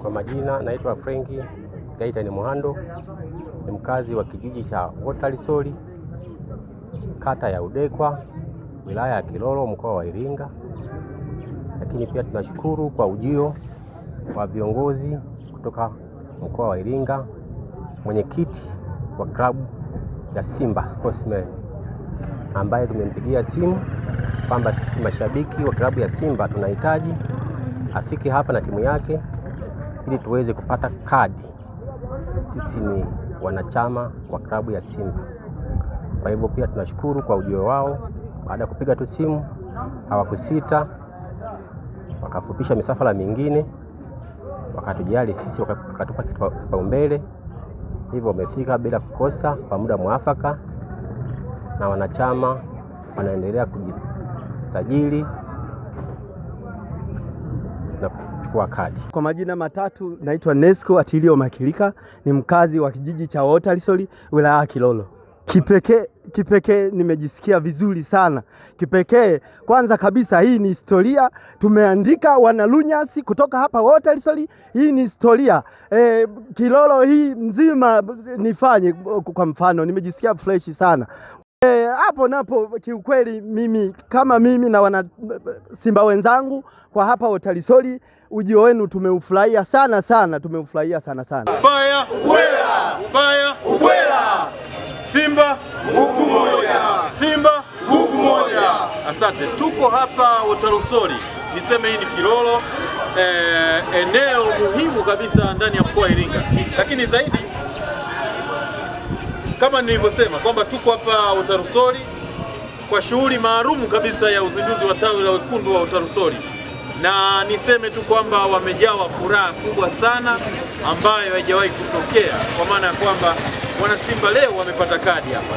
Kwa majina naitwa Frenki Gaitani Muhando, ni mkazi wa kijiji cha Hotarisoli, kata ya Udekwa, wilaya ya Kilolo, mkoa wa Iringa. Lakini pia tunashukuru kwa ujio wa viongozi kutoka mkoa wa Iringa, mwenyekiti wa klabu ya Simba Sportsmen ambaye tumempigia simu kwamba sisi mashabiki wa klabu ya Simba tunahitaji afike hapa na timu yake ili tuweze kupata kadi. Sisi ni wanachama wa klabu ya Simba, kwa hivyo pia tunashukuru kwa ujio wao. Baada ya kupiga tu simu, hawakusita wakafupisha misafara mingine, wakatujali sisi, wakatupa kipaumbele, hivyo wamefika bila kukosa kwa muda mwafaka, na wanachama wanaendelea kujisajili na kuchukua kadi. Kwa majina matatu, naitwa Nesco Atilio Makilika, ni mkazi wa kijiji cha Waterlisoli wilaya ya Kilolo. Kipekee kipekee nimejisikia vizuri sana kipekee. Kwanza kabisa, hii ni historia tumeandika, wanalunyasi kutoka hapa Waterlisoli. Hii ni historia e, Kilolo hii nzima nifanye. Kwa mfano, nimejisikia freshi sana hapo napo kiukweli, mimi kama mimi na wana Simba wenzangu kwa hapa Hotelisoli, ujio wenu tumeufurahia sana sana, tumeufurahia sana sana. Baya ubwela, baya ubwela, Simba buku moja, Simba buku moja. Asante, tuko hapa Hotelisoli, niseme hii ni Kilolo, eh, eneo muhimu kabisa ndani ya mkoa wa Iringa, lakini zaidi kama nilivyosema kwamba tuko hapa utarusori kwa shughuli maalum kabisa ya uzinduzi wa tawi la wekundu wa utarusori na niseme tu kwamba wamejawa furaha kubwa sana ambayo haijawahi kutokea, kwa maana ya kwamba wanasimba leo wamepata kadi hapa.